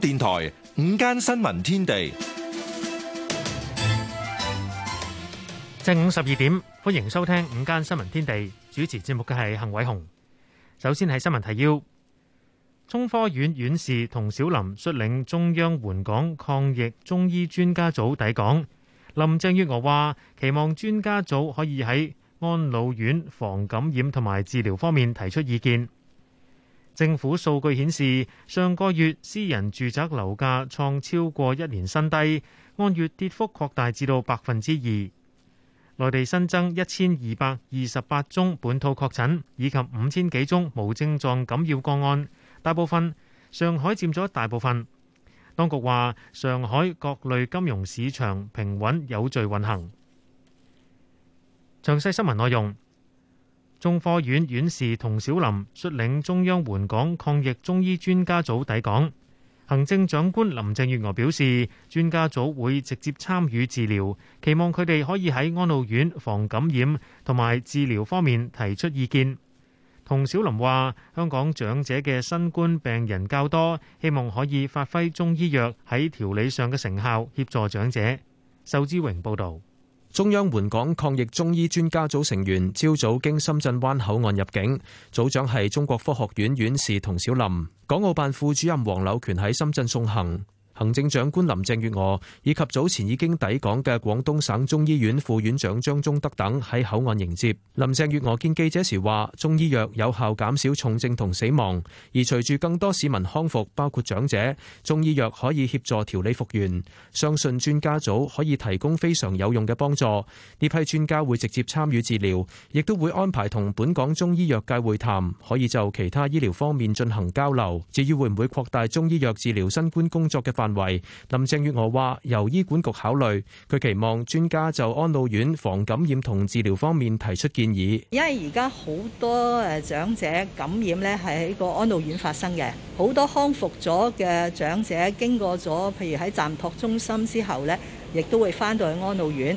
電台午間新聞天地，正午十二點，歡迎收聽午間新聞天地。主持節目嘅係幸偉雄。首先係新聞提要：中科院院士同小林率領中央援港抗疫中醫專家組抵港。林鄭月娥話：期望專家組可以喺安老院防感染同埋治療方面提出意見。政府數據顯示，上個月私人住宅樓價創超過一年新低，按月跌幅擴大至到百分之二。內地新增一千二百二十八宗本土確診，以及五千幾宗無症狀感染個案，大部分上海佔咗大部分。當局話，上海各類金融市場平穩有序運行。詳細新聞內容。中科院院士童小林率領中央援港抗疫中醫專家組抵港。行政長官林鄭月娥表示，專家組會直接參與治療，期望佢哋可以喺安老院防感染同埋治療方面提出意見。童小林話：香港長者嘅新冠病人較多，希望可以發揮中醫藥喺調理上嘅成效，協助長者。仇志榮報道。中央援港抗疫中醫專家組成員朝早經深圳灣口岸入境，組長係中國科學院院士童小林，港澳辦副主任黃柳權喺深圳送行。行政長官林鄭月娥以及早前已經抵港嘅廣東省中醫院副院長張忠德等喺口岸迎接。林鄭月娥見記者時話，中醫藥有效減少重症同死亡，而隨住更多市民康復，包括長者，中醫藥可以協助調理復原。相信專家組可以提供非常有用嘅幫助。呢批專家會直接參與治療，亦都會安排同本港中醫藥界會談，可以就其他醫療方面進行交流。至於會唔會擴大中醫藥治療新冠工作嘅範圍？範圍，林鄭月娥話：由醫管局考慮，佢期望專家就安老院防感染同治療方面提出建議。因為而家好多誒長者感染咧，係喺個安老院發生嘅，好多康復咗嘅長者經過咗，譬如喺暫托中心之後咧，亦都會翻到去安老院。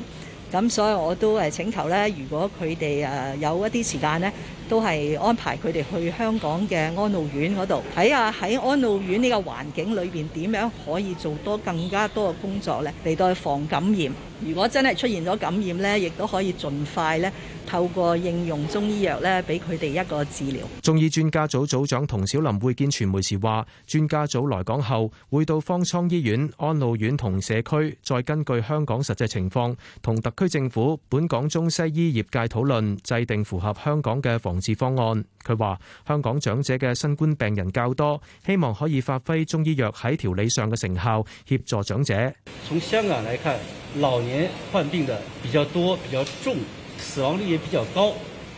咁所以我都誒請求咧，如果佢哋誒有一啲時間咧。都係安排佢哋去香港嘅安老院嗰度，睇下喺安老院呢個環境裏邊點樣可以做多更加多嘅工作咧，嚟到防感染。如果真係出現咗感染咧，亦都可以盡快咧透過應用中醫藥咧，俾佢哋一個治療。中醫專家組組長仝小林會見傳媒時話：專家組來港後會到方艙醫院、安老院同社區，再根據香港實際情況同特區政府、本港中西醫業界討論，制定符合香港嘅防治方案，佢話，香港長者嘅新冠病人較多，希望可以發揮中醫藥喺調理上嘅成效，協助長者。從香港來看，老年患病的比較多，比較重，死亡率也比較高。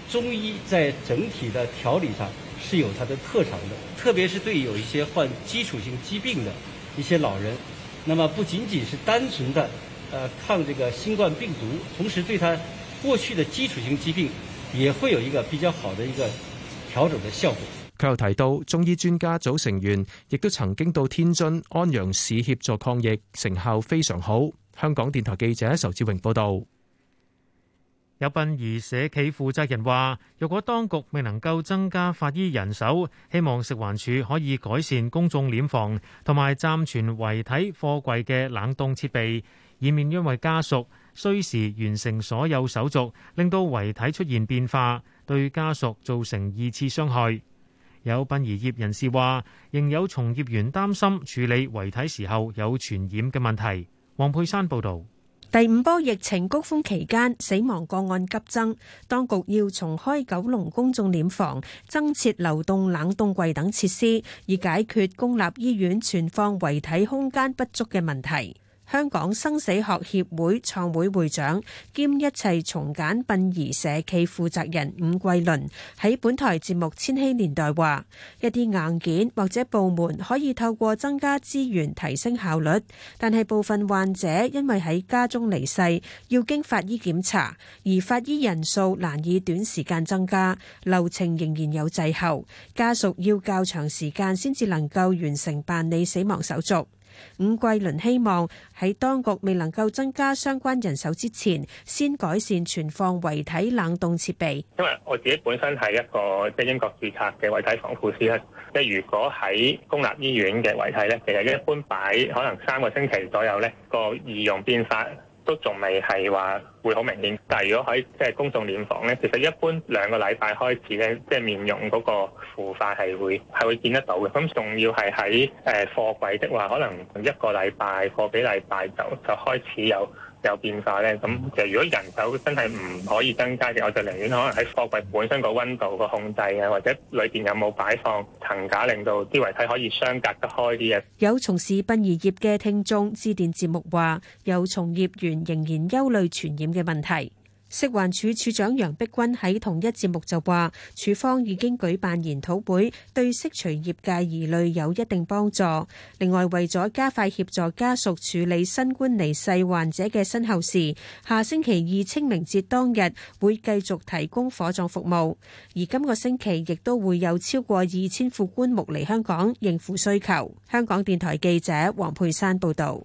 中醫在整體的調理上是有它的特長的，特別是對有一些患基礎性疾病的，一些老人，那麼不僅僅是單純的，呃，抗這個新冠病毒，同時對他過去的基礎性疾病。也會有一個比較好的一個調整的效果。佢又提到，中醫專家組成員亦都曾經到天津、安陽市協助抗疫，成效非常好。香港電台記者仇志榮報導。有殯儀社企負責人話，若果當局未能夠增加法醫人手，希望食環署可以改善公眾殮房同埋暫存遺體貨櫃嘅冷凍設備，以免因為家屬。需時完成所有手續，令到遺體出現變化，對家屬造成二次傷害。有殯儀業人士話，仍有從業員擔心處理遺體時候有傳染嘅問題。黃佩珊報導。第五波疫情高峰期間，死亡個案急增，當局要重開九龍公眾殮房，增設流動冷凍櫃等設施，以解決公立醫院存放遺體空間不足嘅問題。香港生死學協會創會會長兼一切從簡殯儀社企負責人伍桂倫喺本台節目《千禧年代》話：一啲硬件或者部門可以透過增加資源提升效率，但係部分患者因為喺家中離世，要經法醫檢查，而法醫人數難以短時間增加，流程仍然有滯後，家屬要較長時間先至能夠完成辦理死亡手續。伍桂麟希望喺當局未能夠增加相關人手之前，先改善存放遺體冷凍設備。因為我自己本身係一個即係、就是、英國註冊嘅遺體防腐師啦，即係如果喺公立醫院嘅遺體咧，其實一般擺可能三個星期左右咧，那個儀容變化都仲未係話會好明顯，但係如果喺即係公眾殮房咧，其實一般兩個禮拜開始咧，即係面容嗰個腐化係會係會見得到嘅。咁仲要係喺誒貨櫃的話，可能一個禮拜、個幾禮拜就就開始有有變化咧。咁其實如果人手真係唔可以增加嘅，我就寧願可能喺貨櫃本身個溫度個控制啊，或者裏邊有冇擺放層架，令到啲遺體可以相隔得開啲嘅。有從事殯儀業嘅聽眾致電節目話：有從業員仍然憂慮傳染嘅問題，食環署署長楊碧君喺同一節目就話，署方已經舉辦研討會，對釋除業界疑慮有一定幫助。另外，為咗加快協助家屬處理新冠離世患者嘅身後事，下星期二清明節當日會繼續提供火葬服務，而今個星期亦都會有超過二千副棺木嚟香港應付需求。香港電台記者黃佩珊報道。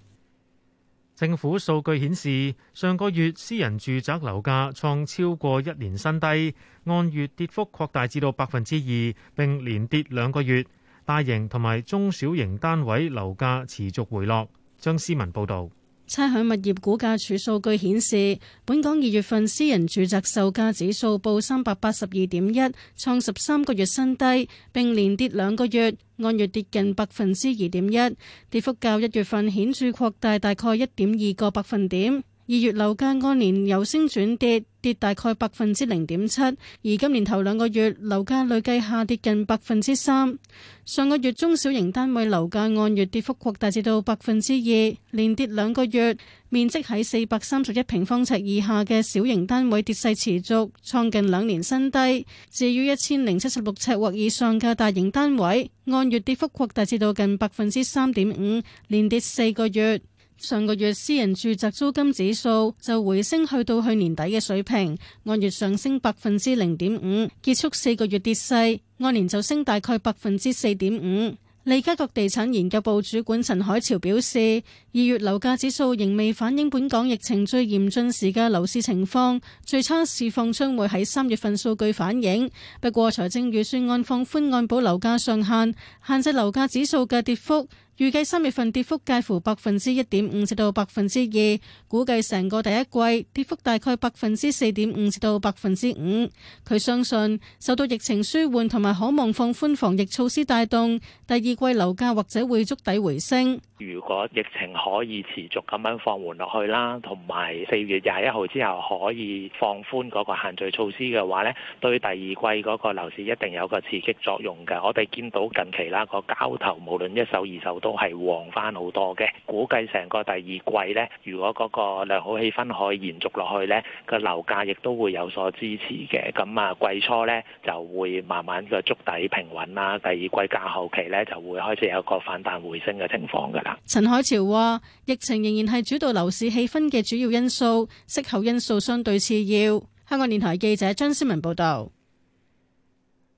政府數據顯示，上個月私人住宅樓價創超過一年新低，按月跌幅擴大至到百分之二，並連跌兩個月。大型同埋中小型單位樓價持續回落。張思文報導。差餉物業估價署數據顯示，本港二月份私人住宅售價指數報三百八十二點一，創十三個月新低，並連跌兩個月，按月跌近百分之二點一，跌幅較一月份顯著擴大，大概一點二個百分點。二月樓價按年由升轉跌。跌大概百分之零點七，而今年頭兩個月樓價累計下跌近百分之三。上個月中小型單位樓價按月跌幅擴大至到百分之二，連跌兩個月。面積喺四百三十一平方尺以下嘅小型單位跌勢持續，創近兩年新低。至於一千零七十六尺或以上嘅大型單位，按月跌幅擴大至到近百分之三點五，連跌四個月。上個月私人住宅租金指數就回升去到去年底嘅水平，按月上升百分之零點五，結束四個月跌勢，按年就升大概百分之四點五。利嘉閣地產研究部主管陳海潮表示，二月樓價指數仍未反映本港疫情最嚴峻時嘅樓市情況，最差市況將會喺三月份數據反映。不過財政預算案放寬按保樓價上限，限制樓價指數嘅跌幅。預計三月份跌幅介乎百分之一點五至到百分之二，估計成個第一季跌幅大概百分之四點五至到百分之五。佢相信受到疫情舒緩同埋可望放寬防疫措施帶動，第二季樓價或者會觸底回升。如果疫情可以持續咁樣放緩落去啦，同埋四月廿一號之後可以放寬嗰個限聚措施嘅話呢，對第二季嗰個樓市一定有個刺激作用㗎。我哋見到近期啦，個交投無論一手二手，都係旺翻好多嘅，估計成個第二季咧，如果嗰個良好氣氛可以延續落去咧，個樓價亦都會有所支持嘅。咁啊，季初咧就會慢慢個築底平穩啦，第二季價後期咧就會開始有個反彈回升嘅情況噶啦。陳海潮話：疫情仍然係主導樓市氣氛嘅主要因素，息口因素相對次要。香港電台記者張思文報道。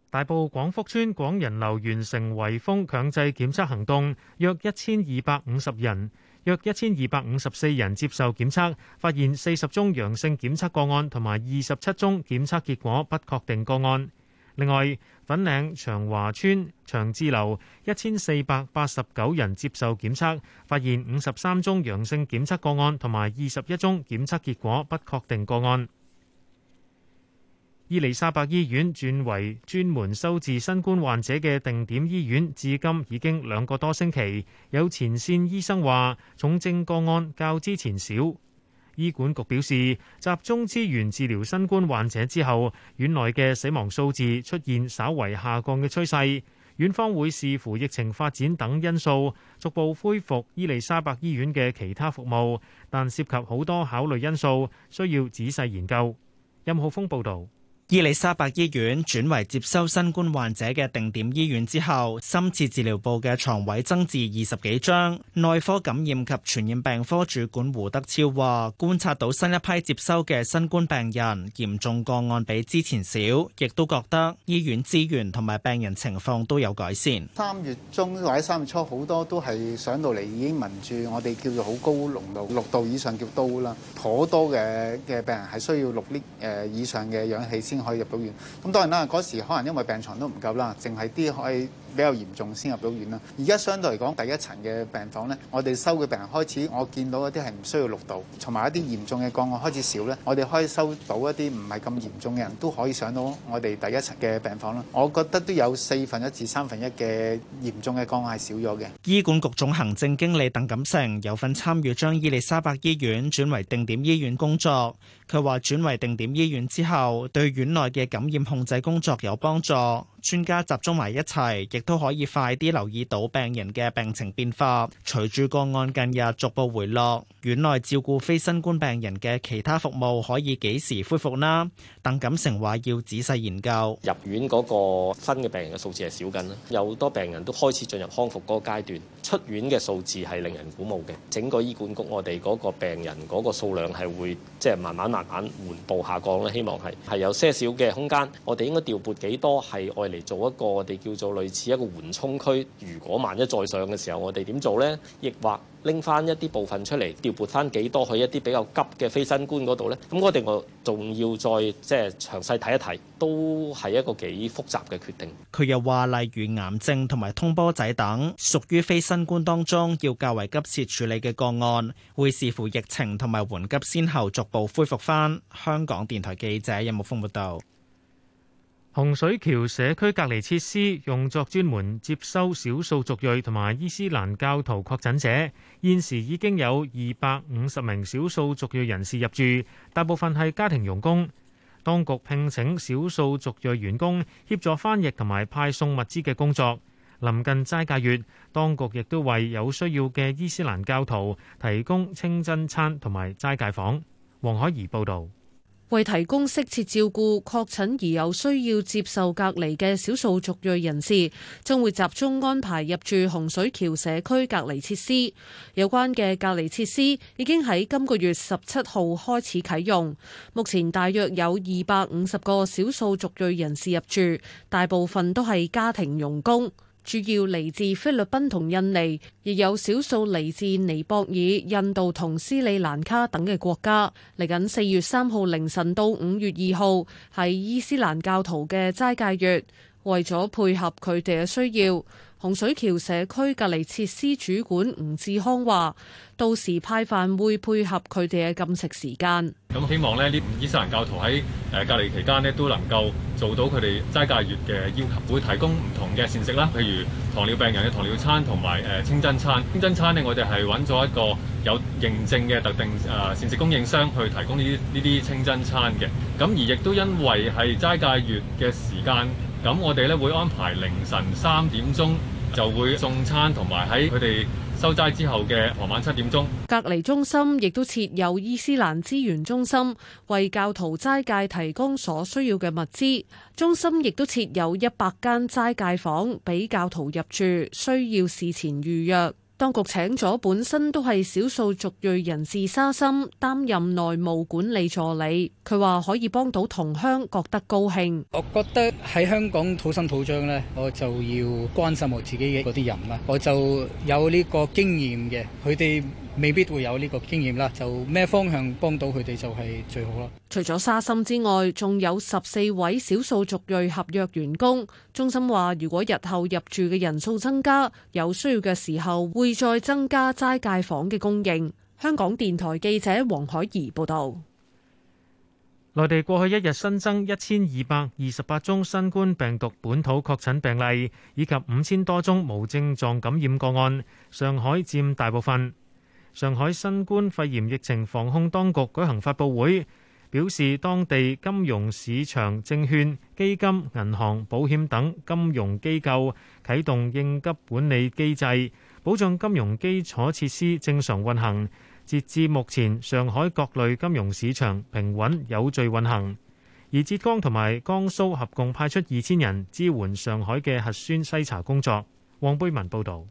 大埔廣福村廣仁樓完成圍封強制檢測行動，約一千二百五十人，約一千二百五十四人接受檢測，發現四十宗陽性檢測個案同埋二十七宗檢測結果不確定個案。另外，粉嶺長華村長治樓一千四百八十九人接受檢測，發現五十三宗陽性檢測個案同埋二十一宗檢測結果不確定個案。伊麗莎白醫院轉為專門收治新冠患者嘅定點醫院，至今已經兩個多星期。有前線醫生話，重症個案較之前少。醫管局表示，集中資源治療新冠患者之後，院內嘅死亡數字出現稍為下降嘅趨勢。院方會視乎疫情發展等因素，逐步恢復伊麗莎白醫院嘅其他服務，但涉及好多考慮因素，需要仔細研究。任浩峰報道。伊利沙白醫院轉為接收新冠患者嘅定點醫院之後，深切治療部嘅床位增至二十幾張。內科感染及傳染病科主管胡德超話，觀察到新一批接收嘅新冠病人，嚴重個案比之前少，亦都覺得醫院資源同埋病人情況都有改善。三月中或者三月初好多都係上到嚟已經聞住我哋叫做好高濃度六度以上叫刀啦，頗多嘅嘅病人係需要六 l 誒以上嘅氧氣先。可以入到院，咁當然啦，嗰時可能因為病牀都唔夠啦，淨係啲可以。比較嚴重先入到院啦。而家相對嚟講，第一層嘅病房咧，我哋收嘅病人開始，我見到一啲係唔需要綠度，同埋一啲嚴重嘅個案開始少咧，我哋可以收到一啲唔係咁嚴重嘅人都可以上到我哋第一層嘅病房啦。我覺得都有四分一至三分一嘅嚴重嘅個案係少咗嘅。醫管局總行政經理鄧錦成有份參與將伊麗莎白醫院轉為定點醫院工作，佢話轉為定點醫院之後，對院內嘅感染控制工作有幫助。專家集中埋一齊，亦都可以快啲留意到病人嘅病情變化。隨住個案近日逐步回落，院內照顧非新冠病人嘅其他服務可以幾時恢復呢？鄧錦成話要仔細研究。入院嗰個新嘅病人嘅數字係少緊啦，有好多病人都開始進入康復嗰個階段，出院嘅數字係令人鼓舞嘅。整個醫管局我哋嗰個病人嗰個數量係會即係、就是、慢慢慢慢緩步下降啦。希望係係有些少嘅空間，我哋應該調撥幾多係我。嚟做一個我哋叫做類似一個緩衝區，如果萬一再上嘅時候，我哋點做咧？亦或拎翻一啲部分出嚟調撥翻幾多去一啲比較急嘅非新冠嗰度咧？咁我哋我仲要再即係詳細睇一睇，都係一個幾複雜嘅決定。佢又話，例如癌症同埋通波仔等，屬於非新冠當中要較為急切處理嘅個案，會視乎疫情同埋緩急先後逐步恢復翻。香港電台記者任木豐報道。洪水橋社區隔離設施用作專門接收少數族裔同埋伊斯蘭教徒確診者，現時已經有二百五十名少數族裔人士入住，大部分係家庭傭工。當局聘請少數族裔員工協助翻譯同埋派送物資嘅工作。臨近齋戒月，當局亦都為有需要嘅伊斯蘭教徒提供清真餐同埋齋戒房。黃海怡報導。為提供適切照顧確診而有需要接受隔離嘅少數族裔人士，將會集中安排入住洪水橋社區隔離設施。有關嘅隔離設施已經喺今個月十七號開始啟用，目前大約有二百五十個少數族裔人士入住，大部分都係家庭傭工。主要嚟自菲律賓同印尼，亦有少數嚟自尼泊爾、印度同斯里蘭卡等嘅國家。嚟緊四月三號凌晨到五月二號，係伊斯蘭教徒嘅齋戒月，為咗配合佢哋嘅需要。洪水橋社區隔離設施主管吳志康話：到時派飯會配合佢哋嘅禁食時間。咁希望呢啲伊斯蘭教徒喺誒隔離期間呢，都能夠做到佢哋齋戒月嘅要求。會提供唔同嘅膳食啦，譬如糖尿病人嘅糖尿餐，同埋誒清真餐。清真餐呢，我哋係揾咗一個有認證嘅特定誒膳食供應商去提供呢啲呢啲清真餐嘅。咁而亦都因為係齋戒月嘅時間。咁我哋呢會安排凌晨三點鐘就會送餐，同埋喺佢哋收齋之後嘅傍晚七點鐘。隔離中心亦都設有伊斯蘭資源中心，為教徒齋戒提供所需要嘅物資。中心亦都設有一百間齋戒房，俾教徒入住，需要事前預約。當局請咗本身都係少數族裔人士沙森擔任內務管理助理，佢話可以幫到同鄉，覺得高興。我覺得喺香港土生土長呢，我就要關心我自己嘅嗰啲人啦，我就有呢個經驗嘅，佢哋，未必會有呢個經驗啦，就咩方向幫到佢哋就係最好啦。除咗沙心之外，仲有十四位少數族裔合約員工中心話：如果日後入住嘅人數增加，有需要嘅時候會再增加齋戒房嘅供應。香港電台記者黃海怡報道。內地過去一日新增一千二百二十八宗新冠病毒本土確診病例，以及五千多宗無症狀感染個案，上海佔大部分。上海新冠肺炎疫情防控當局舉行發布會表示，當地金融市場證券、基金、銀行、保險等金融機構啟動應急管理機制，保障金融基礎設施正常運行。截至目前，上海各類金融市場平穩有序運行。而浙江同埋江蘇合共派出二千人支援上海嘅核酸篩查工作。黃貝文報道。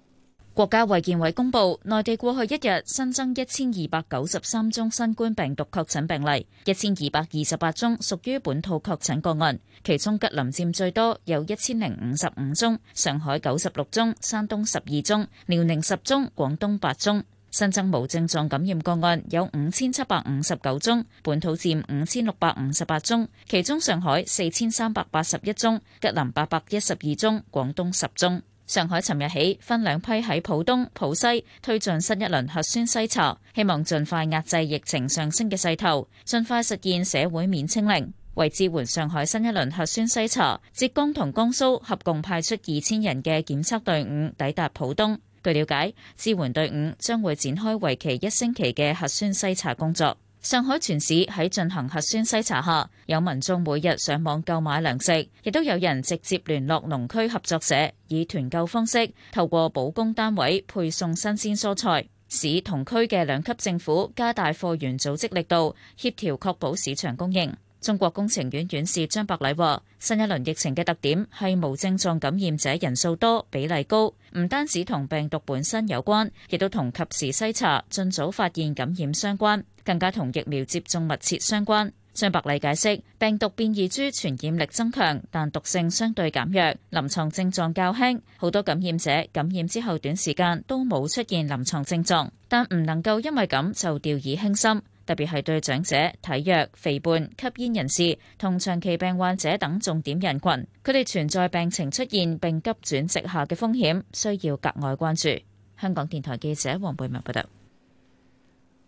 國家衛健委公布，內地過去一日新增一千二百九十三宗新冠病毒確診病例，一千二百二十八宗屬於本土確診個案，其中吉林佔最多，有一千零五十五宗；上海九十六宗，山東十二宗，遼寧十宗，遼寧十宗，廣東八宗。新增無症狀感染個案有五千七百五十九宗，本土佔五千六百五十八宗，其中上海四千三百八十一宗，吉林八百一十二宗，廣東十宗。上海尋日起分兩批喺浦東、浦西推進新一輪核酸篩查，希望盡快壓制疫情上升嘅勢頭，盡快實現社會面清零。為支援上海新一輪核酸篩查，浙江同江蘇合共派出二千人嘅檢測隊伍抵達浦東。據了解，支援隊伍將會展開為期一星期嘅核酸篩查工作。上海全市喺進行核酸篩查下，有民眾每日上網購買糧食，亦都有人直接聯絡農區合作社，以團購方式透過保供單位配送新鮮蔬菜。市同區嘅兩級政府加大貨源組織力度，協調確保市場供應。中國工程院院士張伯禮話新一輪疫情嘅特點，係無症狀感染者人數多、比例高，唔單止同病毒本身有關，亦都同及時篩查、盡早發現感染相關。更加同疫苗接種密切相關。張伯禮解釋，病毒變異株傳染力增強，但毒性相對減弱，臨牀症狀較輕，好多感染者感染之後短時間都冇出現臨牀症狀。但唔能夠因為咁就掉以輕心，特別係對長者、體弱、肥胖、吸煙人士同長期病患者等重點人群，佢哋存在病情出現並急轉直下嘅風險，需要格外關注。香港電台記者黃貝文報道。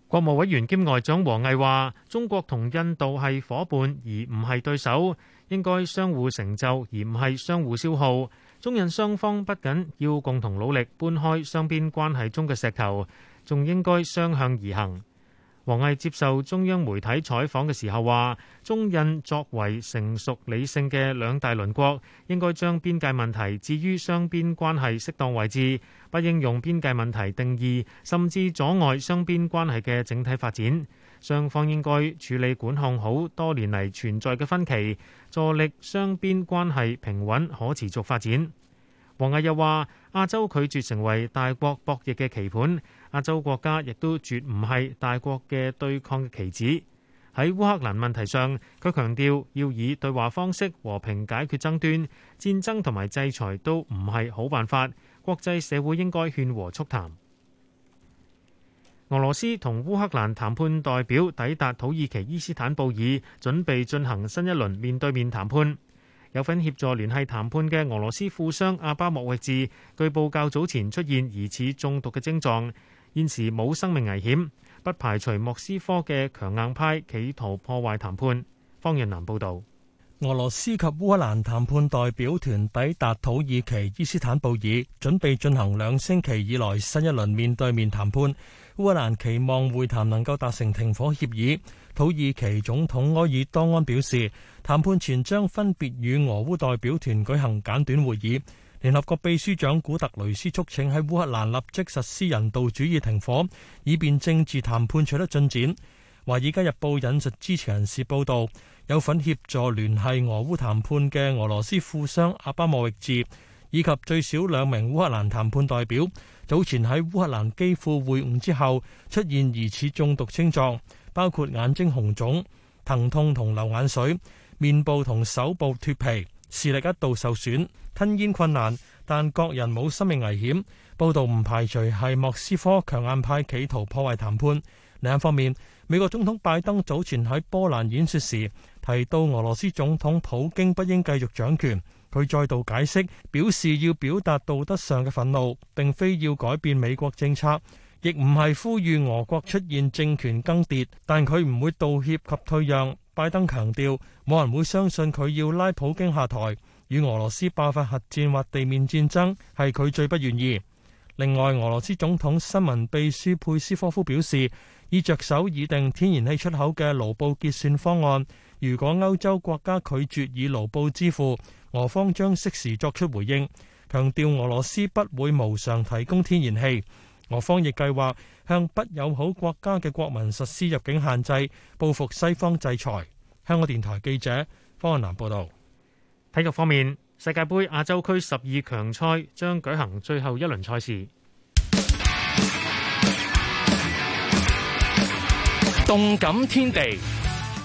國務委員兼外長王毅話，中國同印度係夥伴而唔係對手，應該相互成就而唔係相互消耗。中印雙方不僅要共同努力搬開雙邊關係中嘅石頭，仲應該相向而行。王毅接受中央媒體採訪嘅時候話，中印作為成熟理性嘅兩大鄰國，應該將邊界問題置於雙邊關係適當位置，不應用邊界問題定義甚至阻礙雙邊關係嘅整體發展。雙方應該處理管控好多年嚟存在嘅分歧，助力雙邊關係平穩可持續發展。王毅又話。亞洲拒絕成為大國博弈嘅棋盤，亞洲國家亦都絕唔係大國嘅對抗棋子。喺烏克蘭問題上，佢強調要以對話方式和平解決爭端，戰爭同埋制裁都唔係好辦法。國際社會應該勸和促談。俄羅斯同烏克蘭談判代表抵達土耳其伊斯坦布爾，準備進行新一輪面對面談判。有份協助聯繫談判嘅俄羅斯富商阿巴莫維治，據報較早前出現疑似中毒嘅症狀，現時冇生命危險，不排除莫斯科嘅強硬派企圖破壞談判。方潤南報導。俄羅斯及烏克蘭談判代表團抵達土耳其伊斯坦布爾，準備進行兩星期以來新一輪面對面談判。烏克蘭期望會談能夠達成停火協議。土耳其總統埃爾多安表示，談判前將分別與俄烏代表團舉行簡短會議。聯合國秘書長古特雷斯促請喺烏克蘭立即實施人道主義停火，以便政治談判取得進展。《華爾街日報》引述知情人士報道。有份協助聯繫俄烏談判嘅俄羅斯富商阿巴莫域治，以及最少兩名烏克蘭談判代表，早前喺烏克蘭基輔會晤之後出現疑似中毒症狀，包括眼睛紅腫、疼痛同流眼水、面部同手部脫皮、視力一度受損、吞嚥困難，但各人冇生命危險。報道唔排除係莫斯科強硬派企圖破壞談判。另一方面，美國總統拜登早前喺波蘭演說時，提到俄羅斯總統普京不應繼續掌權。佢再度解釋，表示要表達道德上嘅憤怒，並非要改變美國政策，亦唔係呼籲俄國出現政權更迭。但佢唔會道歉及退讓。拜登強調，冇人會相信佢要拉普京下台。與俄羅斯爆發核戰或地面戰爭係佢最不願意。另外，俄羅斯總統新聞秘書佩斯科夫表示，已着手擬定天然氣出口嘅盧布結算方案。如果歐洲國家拒絕以盧布支付，俄方將適時作出回應，強調俄羅斯不會無償提供天然氣。俄方亦計劃向不友好國家嘅國民實施入境限制，報復西方制裁。香港電台記者方雁南報道。體育方面，世界盃亞洲區十二強賽將舉行最後一輪賽事。動感天地。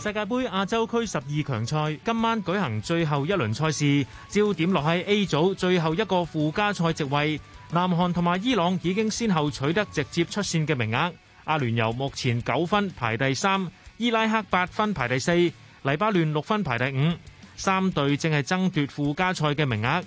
世界杯亞洲區十二強賽今晚舉行最後一輪賽事，焦點落喺 A 組最後一個附加賽席位。南韓同埋伊朗已經先後取得直接出線嘅名額。阿聯酋目前九分排第三，伊拉克八分排第四，黎巴嫩六分排第五，三隊正係爭奪附加賽嘅名額。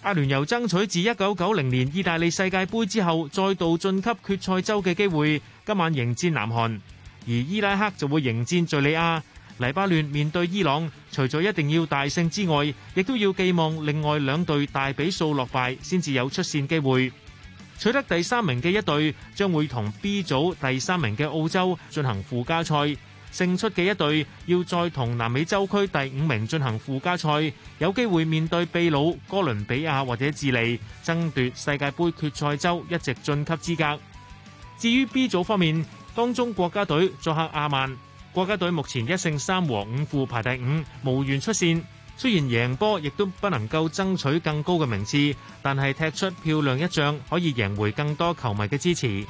阿聯酋爭取自一九九零年意大利世界杯之後再度晉級決賽周嘅機會，今晚迎戰南韓，而伊拉克就會迎戰叙利亞。黎巴嫩面對伊朗，除咗一定要大勝之外，亦都要寄望另外兩隊大比數落敗，先至有出線機會。取得第三名嘅一隊將會同 B 組第三名嘅澳洲進行附加賽，勝出嘅一隊要再同南美洲區第五名進行附加賽，有機會面對秘魯、哥倫比亞或者智利，爭奪世界盃決賽周一席晉級資格。至於 B 組方面，當中國家隊作客阿曼。國家隊目前一勝三和五負排第五，無緣出線。雖然贏波，亦都不能夠爭取更高嘅名次，但係踢出漂亮一仗，可以贏回更多球迷嘅支持。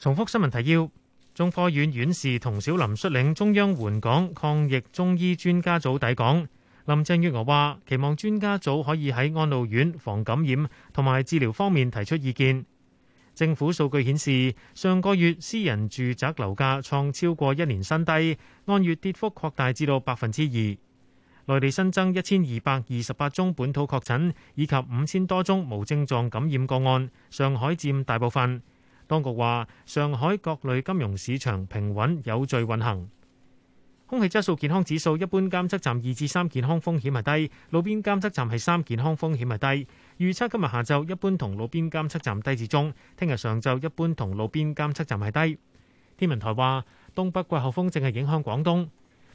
重複新聞提要：中科院院士同小林率領中央援港抗疫中醫專家組抵港。林鄭月娥話：期望專家組可以喺安老院防感染同埋治療方面提出意見。政府數據顯示，上個月私人住宅樓價創超過一年新低，按月跌幅擴大至到百分之二。內地新增一千二百二十八宗本土確診，以及五千多宗無症狀感染個案，上海佔大部分。當局話，上海各類金融市場平穩有序運行。空氣質素健康指數一般監測站二至三健康風險係低，路邊監測站係三健康風險係低。預測今日下晝一般同路邊監測站低至中，聽日上晝一般同路邊監測站係低。天文台話東北季候風正係影響廣東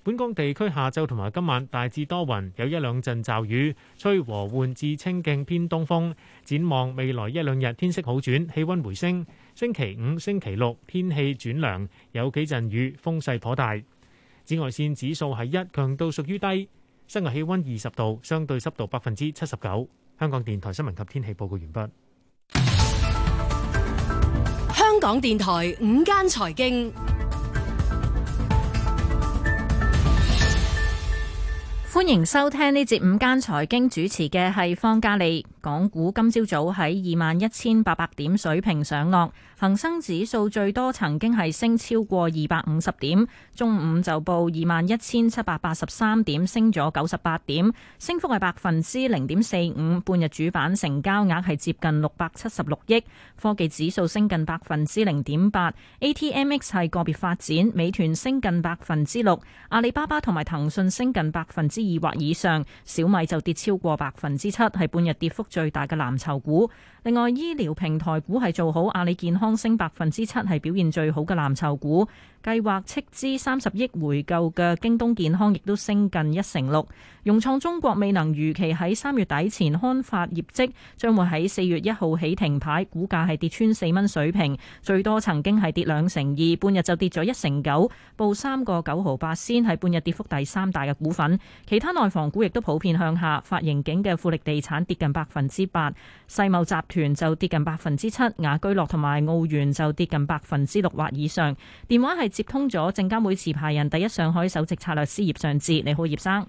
本港地區，下晝同埋今晚大致多雲，有一兩陣驟雨，吹和緩至清勁偏東風。展望未來一兩日天色好轉，氣温回升。星期五、星期六天氣轉涼，有幾陣雨，風勢頗大。紫外線指數係一，強度屬於低。室外氣溫二十度，相對濕度百分之七十九。香港電台新聞及天氣報告完畢。香港電台午間財經。歡迎收聽呢節午間財經主持嘅係方嘉利。港股今朝早喺二萬一千八百點水平上落，恒生指數最多曾經係升超過二百五十點，中午就報二萬一千七百八十三點，升咗九十八點，升幅係百分之零點四五。半日主板成交額係接近六百七十六億，科技指數升近百分之零點八，ATMX 係個別發展，美團升近百分之六，阿里巴巴同埋騰訊升近百分之。二或以上，小米就跌超過百分之七，係半日跌幅最大嘅藍籌股。另外，醫療平台股係做好，阿里健康升百分之七，係表現最好嘅藍籌股。計劃斥資三十億回購嘅京東健康亦都升近一成六。融創中國未能如期喺三月底前刊發業績，將會喺四月一號起停牌，股價係跌穿四蚊水平，最多曾經係跌兩成二，半日就跌咗一成九，報三個九毫八仙，係半日跌幅第三大嘅股份。其他內房股亦都普遍向下，發盈警嘅富力地產跌近百分之八，世茂集團就跌近百分之七，雅居樂同埋澳元就跌近百分之六或以上。電話係接通咗證監會持牌人第一上海首席策略師葉尚志，你好，葉生。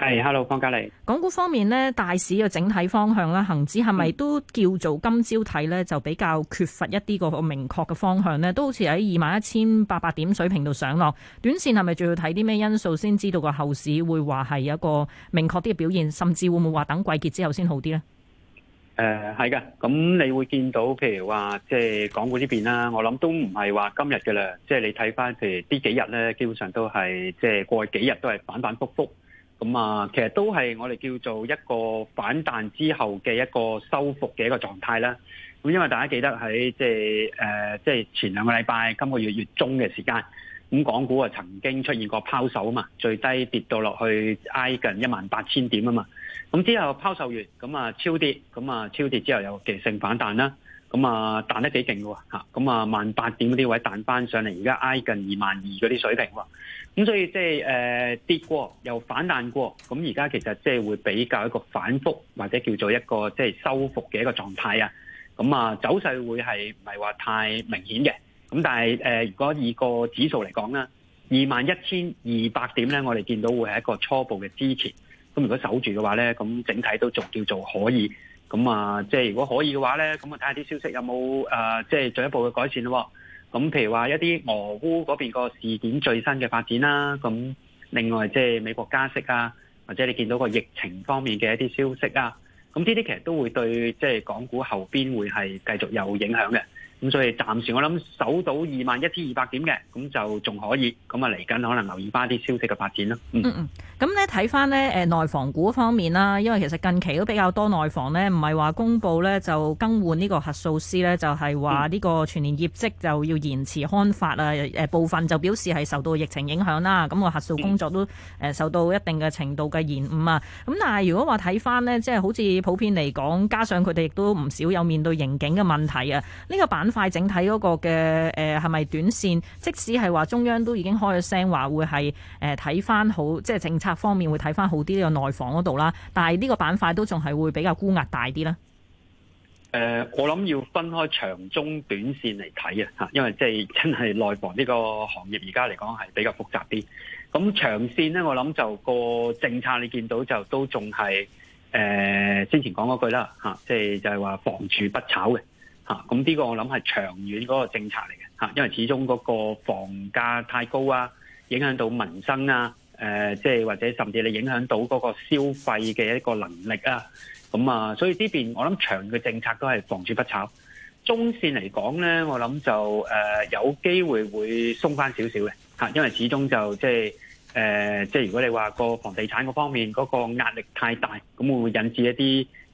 係，hello，方嘉莉。港股方面呢，大市嘅整體方向啦，恒指係咪都叫做今朝睇呢？就比較缺乏一啲個明確嘅方向呢。都好似喺二萬一千八百點水平度上落。短線係咪仲要睇啲咩因素先知道個後市會話係一個明確啲嘅表現，甚至會唔會話等季結之後先好啲呢？誒、呃，係嘅。咁你會見到，譬如話，即係港股呢邊啦，我諗都唔係話今日嘅啦。即係你睇翻，譬如呢幾日呢，基本上都係即係過去幾日都係反反覆覆。咁啊，其實都係我哋叫做一個反彈之後嘅一個收復嘅一個狀態啦。咁因為大家記得喺即係誒，即、呃、係、就是、前兩個禮拜、今個月月中嘅時間，咁港股啊曾經出現過拋售啊嘛，最低跌到落去挨近一萬八千點啊嘛。咁之後拋售完，咁啊超跌，咁啊超跌之後有極性反彈啦。咁啊，彈得幾勁嘅喎嚇！咁啊，萬八點嗰啲位彈翻上嚟，而家挨近二萬二嗰啲水平喎、啊。咁所以即係誒跌過，又反彈過。咁而家其實即係會比較一個反覆，或者叫做一個即係收復嘅一個狀態啊。咁啊，走勢會係唔係話太明顯嘅。咁但係誒、呃，如果以個指數嚟講咧，二萬一千二百點咧，我哋見到會係一個初步嘅支持。咁如果守住嘅話咧，咁整體都仲叫做可以。咁啊，即係如果可以嘅話咧，咁啊睇下啲消息有冇誒，啊，即係進一步嘅改善咯。咁譬如話一啲俄烏嗰邊個事件最新嘅發展啦，咁另外即係美國加息啊，或者你見到個疫情方面嘅一啲消息啊，咁呢啲其實都會對即係港股後邊會係繼續有影響嘅。咁所以暫時我諗守到二萬一千二百點嘅，咁就仲可以，咁啊嚟緊可能留意翻啲消息嘅發展咯。嗯嗯，咁呢睇翻呢誒內房股方面啦，因為其實近期都比較多內房呢，唔係話公布呢就更換呢個核數師呢，就係話呢個全年業績就要延遲刊發啊，誒、嗯、部分就表示係受到疫情影響啦。咁個核數工作都誒受到一定嘅程度嘅延誤啊。咁、嗯、但係如果話睇翻呢，即、就、係、是、好似普遍嚟講，加上佢哋亦都唔少有面對盈警嘅問題啊。呢、這個板快，整體嗰個嘅，誒係咪短線？即使係話中央都已經開咗聲，話會係誒睇翻好，即係政策方面會睇翻好啲呢個內房嗰度啦。但係呢個板塊都仲係會比較沽壓大啲啦。誒、呃，我諗要分開長中短線嚟睇啊，吓，因為即、就、係、是、真係內房呢個行業而家嚟講係比較複雜啲。咁長線咧，我諗就個政策你見到就都仲係誒先前講嗰句啦吓，即係就係話房住不炒嘅。咁呢、啊這個我諗係長遠嗰個政策嚟嘅，嚇、啊，因為始終嗰個房價太高啊，影響到民生啊，誒、呃，即係或者甚至你影響到嗰個消費嘅一個能力啊，咁啊，所以呢邊我諗長嘅政策都係房住不炒，中線嚟講咧，我諗就誒、呃、有機會會鬆翻少少嘅，嚇、啊，因為始終就即係誒，即係、呃、如果你話個房地產嗰方面嗰、那個壓力太大，咁會唔會引致一啲。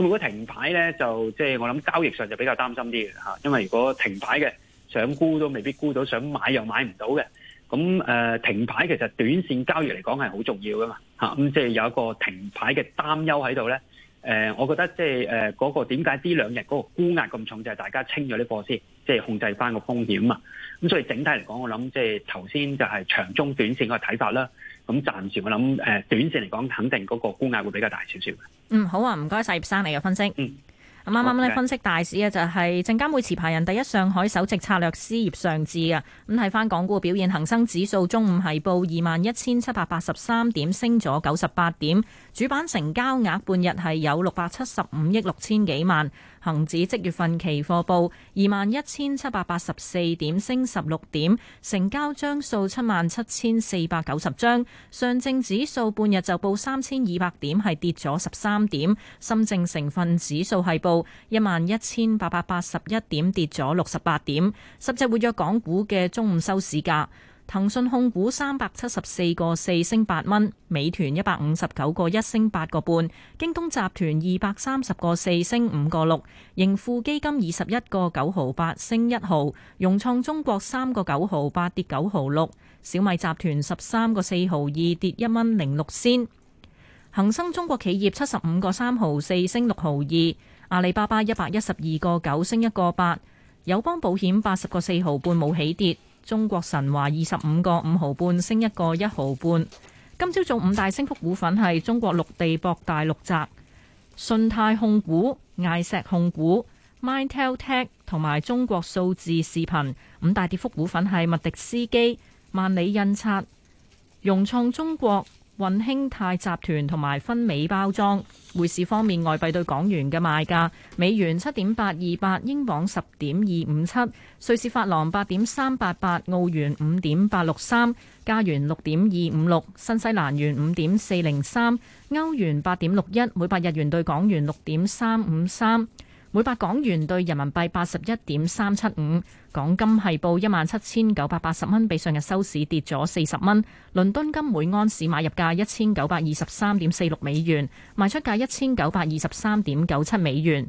如果停牌咧，就即係我諗交易上就比較擔心啲嘅吓，因為如果停牌嘅想沽都未必沽到，想買又買唔到嘅。咁誒、呃、停牌其實短線交易嚟講係好重要㗎嘛吓，咁即係有一個停牌嘅擔憂喺度咧。誒、呃，我覺得即係誒嗰個點解呢兩日嗰個沽壓咁重，就係、是、大家清咗啲貨先，即、就、係、是、控制翻個風險啊嘛。咁、嗯、所以整體嚟講，我諗即係頭先就係長中短線嘅睇法啦。咁暫時我諗誒、呃，短期嚟講，肯定嗰個沽壓會比較大少少嘅。嗯，好啊，唔該晒葉生你嘅分析。嗯，咁啱啱呢分析大市嘅就係證監會持牌人第一上海首席策略師葉尚志啊。咁睇翻港股表現，恒生指數中午係報二萬一千七百八十三點，升咗九十八點。主板成交額半日係有六百七十五億六千幾萬，恒指即月份期貨報二萬一千七百八十四點，升十六點，成交張數七萬七千四百九十張。上證指數半日就報三千二百點，係跌咗十三點。深證成分指數係報一萬一千八百八十一點，跌咗六十八點。十隻活躍港股嘅中午收市價。騰訊控股三百七十四個四升八蚊，美團一百五十九個一升八個半，京東集團二百三十個四升五個六，盈富基金二十一個九毫八升一毫，融創中國三個九毫八跌九毫六，小米集團十三個四毫二跌一蚊零六仙，恒生中國企業七十五個三毫四升六毫二，阿里巴巴一百一十二個九升一個八，友邦保險八十個四毫半冇起跌。中國神華二十五個五毫半升一個一毫半。今朝早做五大升幅股份係中國陸地博大陸宅、大六澤、信泰控股、艾石控股、MindTel Tech 同埋中國數字視頻。五大跌幅股份係麥迪斯基、萬里印刷、融創中國。運興泰集團同埋分美包裝。匯市方面，外幣對港元嘅賣價：美元七點八二八，英鎊十點二五七，瑞士法郎八點三八八，澳元五點八六三，加元六點二五六，新西蘭元五點四零三，歐元八點六一，每百日元對港元六點三五三。每百港元兌人民幣八十一點三七五，港金係報一萬七千九百八十蚊，比上日收市跌咗四十蚊。倫敦金每安士買入價一千九百二十三點四六美元，賣出價一千九百二十三點九七美元。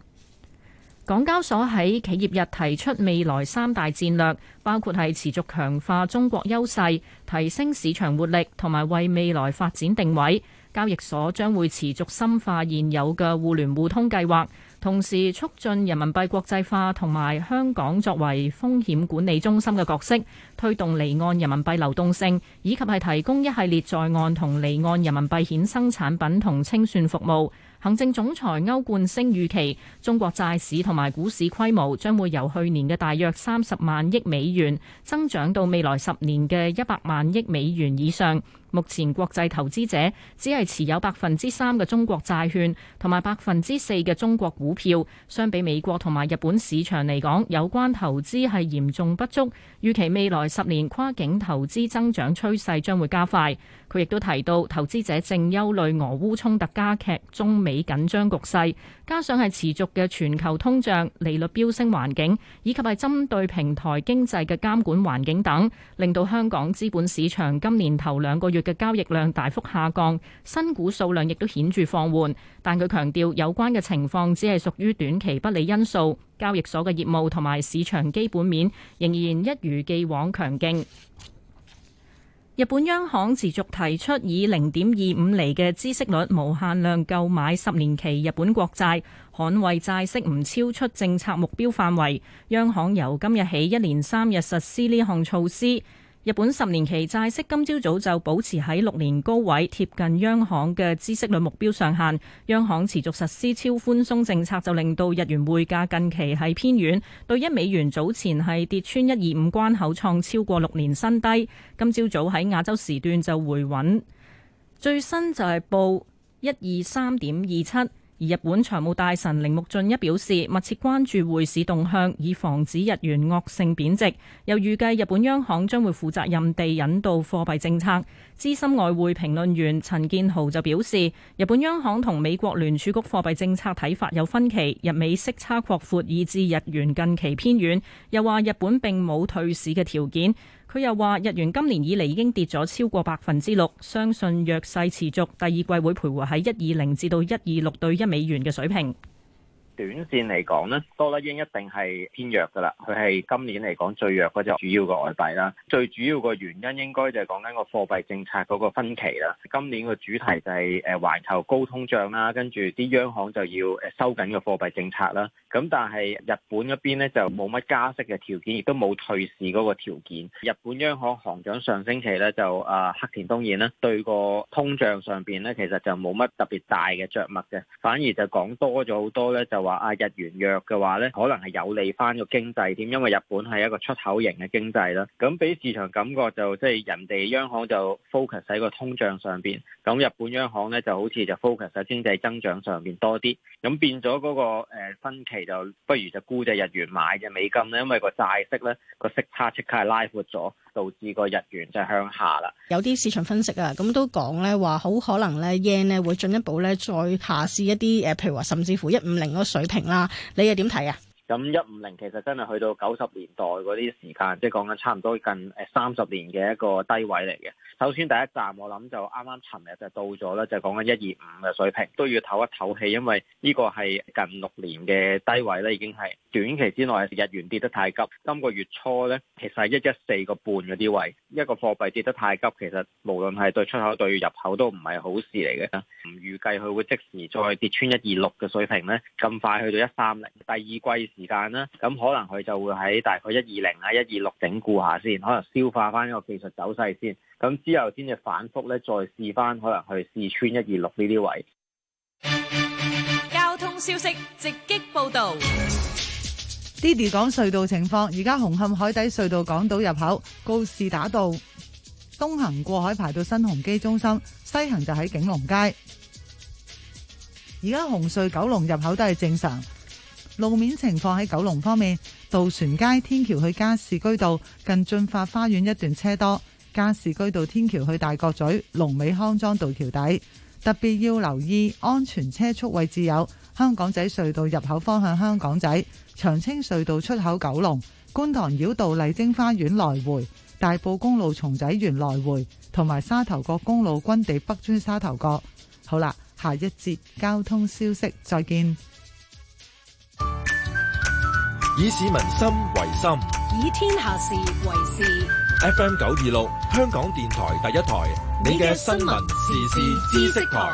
港交所喺企業日提出未來三大戰略，包括係持續強化中國優勢，提升市場活力，同埋為未來發展定位。交易所將會持續深化現有嘅互聯互通計劃。同時促進人民幣國際化同埋香港作為風險管理中心嘅角色，推動離岸人民幣流動性，以及係提供一系列在岸同離岸人民幣衍生產品同清算服務。行政總裁歐冠昇預期，中國債市同埋股市規模將會由去年嘅大約三十萬億美元增長到未來十年嘅一百萬億美元以上。目前國際投資者只係持有百分之三嘅中國債券同埋百分之四嘅中國股票，相比美國同埋日本市場嚟講，有關投資係嚴重不足。預期未來十年跨境投資增長趨勢將會加快。佢亦都提到，投資者正憂慮俄烏衝突加劇、中美緊張局勢，加上係持續嘅全球通脹、利率飆升環境，以及係針對平台經濟嘅監管環境等，令到香港資本市場今年頭兩個月嘅交易量大幅下降，新股數量亦都顯著放緩。但佢強調，有關嘅情況只係屬於短期不利因素。交易所嘅業務同埋市場基本面仍然一如既往強勁。日本央行持續提出以零點二五厘嘅孳息率無限量購買十年期日本國債，捍衛債息唔超出政策目標範圍。央行由今日起一連三日實施呢項措施。日本十年期債息今朝早就保持喺六年高位，貼近央行嘅孳息率目標上限。央行持續實施超寬鬆政策，就令到日元匯價近期係偏軟，對一美元早前係跌穿一二五關口，創超過六年新低。今朝早喺亞洲時段就回穩，最新就係報一二三點二七。而日本財務大臣鈴木俊一表示，密切關注匯市動向，以防止日元惡性貶值。又預計日本央行將會負責任地引導貨幣政策。資深外匯評論員陳建豪就表示，日本央行同美國聯儲局貨幣政策睇法有分歧，日美息差擴闊，以致日元近期偏軟。又話日本並冇退市嘅條件。佢又話：日元今年以嚟已經跌咗超過百分之六，相信弱勢持續，第二季會徘徊喺一二零至到一二六對一美元嘅水平。短線嚟講咧，多勒英一定係偏弱噶啦。佢係今年嚟講最弱嗰隻主要嘅外幣啦。最主要個原因應該就係講緊個貨幣政策嗰個分歧啦。今年個主題就係誒環球高通脹啦，跟住啲央行就要收緊個貨幣政策啦。咁但係日本嗰邊咧就冇乜加息嘅條件，亦都冇退市嗰個條件。日本央行行長上星期咧就誒、啊、黑田東彥咧對個通脹上邊咧其實就冇乜特別大嘅著墨嘅，反而就講多咗好多咧就話。啊，日元弱嘅話咧，可能係有利翻個經濟添，因為日本係一個出口型嘅經濟啦。咁俾市場感覺就即係人哋央行就 focus 喺個通脹上邊，咁日本央行咧就好似就 focus 喺經濟增長上邊多啲。咁變咗嗰個誒分期，就不如就沽隻日元買嘅美金啦，因為個債息咧個息差即刻係拉闊咗，導致個日元就向下啦。有啲市場分析啊，咁都講咧話好可能咧 yen 咧會進一步咧再下試一啲誒，譬如話甚至乎一五零水平啦，你又點睇呀？咁一五零其實真係去到九十年代嗰啲時間，即係講緊差唔多近誒三十年嘅一個低位嚟嘅。首先第一站我諗就啱啱尋日就到咗啦，就講緊一二五嘅水平，都要唞一唞氣，因為呢個係近六年嘅低位咧，已經係短期之內日元跌得太急。今個月初咧，其實係一一四個半嗰啲位，一個貨幣跌得太急，其實無論係對出口對入口都唔係好事嚟嘅。唔預計佢會即時再跌穿一二六嘅水平咧，咁快去到一三零。第二季。時間啦，咁可能佢就會喺大概 120, 12 6, 一二零啊，一二六整固下先，可能消化翻呢個技術走勢先，咁之後先至反覆咧，再試翻可能去試穿一二六呢啲位。交通消息直擊報道 d i d 講隧道情況，而家紅磡海底隧道港島入口告士打道東行過海排到新鴻基中心，西行就喺景隆街。而家紅隧九龍入口都係正常。路面情況喺九龍方面，渡船街天橋去加士居道近駿發花園一段車多；加士居道天橋去大角咀、龍尾康莊道橋底，特別要留意安全車速位置有香港仔隧道入口方向香港仔、長青隧道出口九龍、觀塘繞道麗晶花園來回、大埔公路松仔園來回同埋沙頭角公路軍地北村沙頭角。好啦，下一節交通消息再見。以市民心為心，以天下事為事。FM 九二六，香港電台第一台，你嘅新聞、時事、知識台。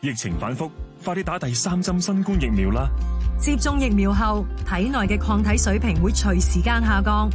疫情反覆，快啲打第三針新冠疫苗啦！接種疫苗後，體內嘅抗體水平會隨時間下降。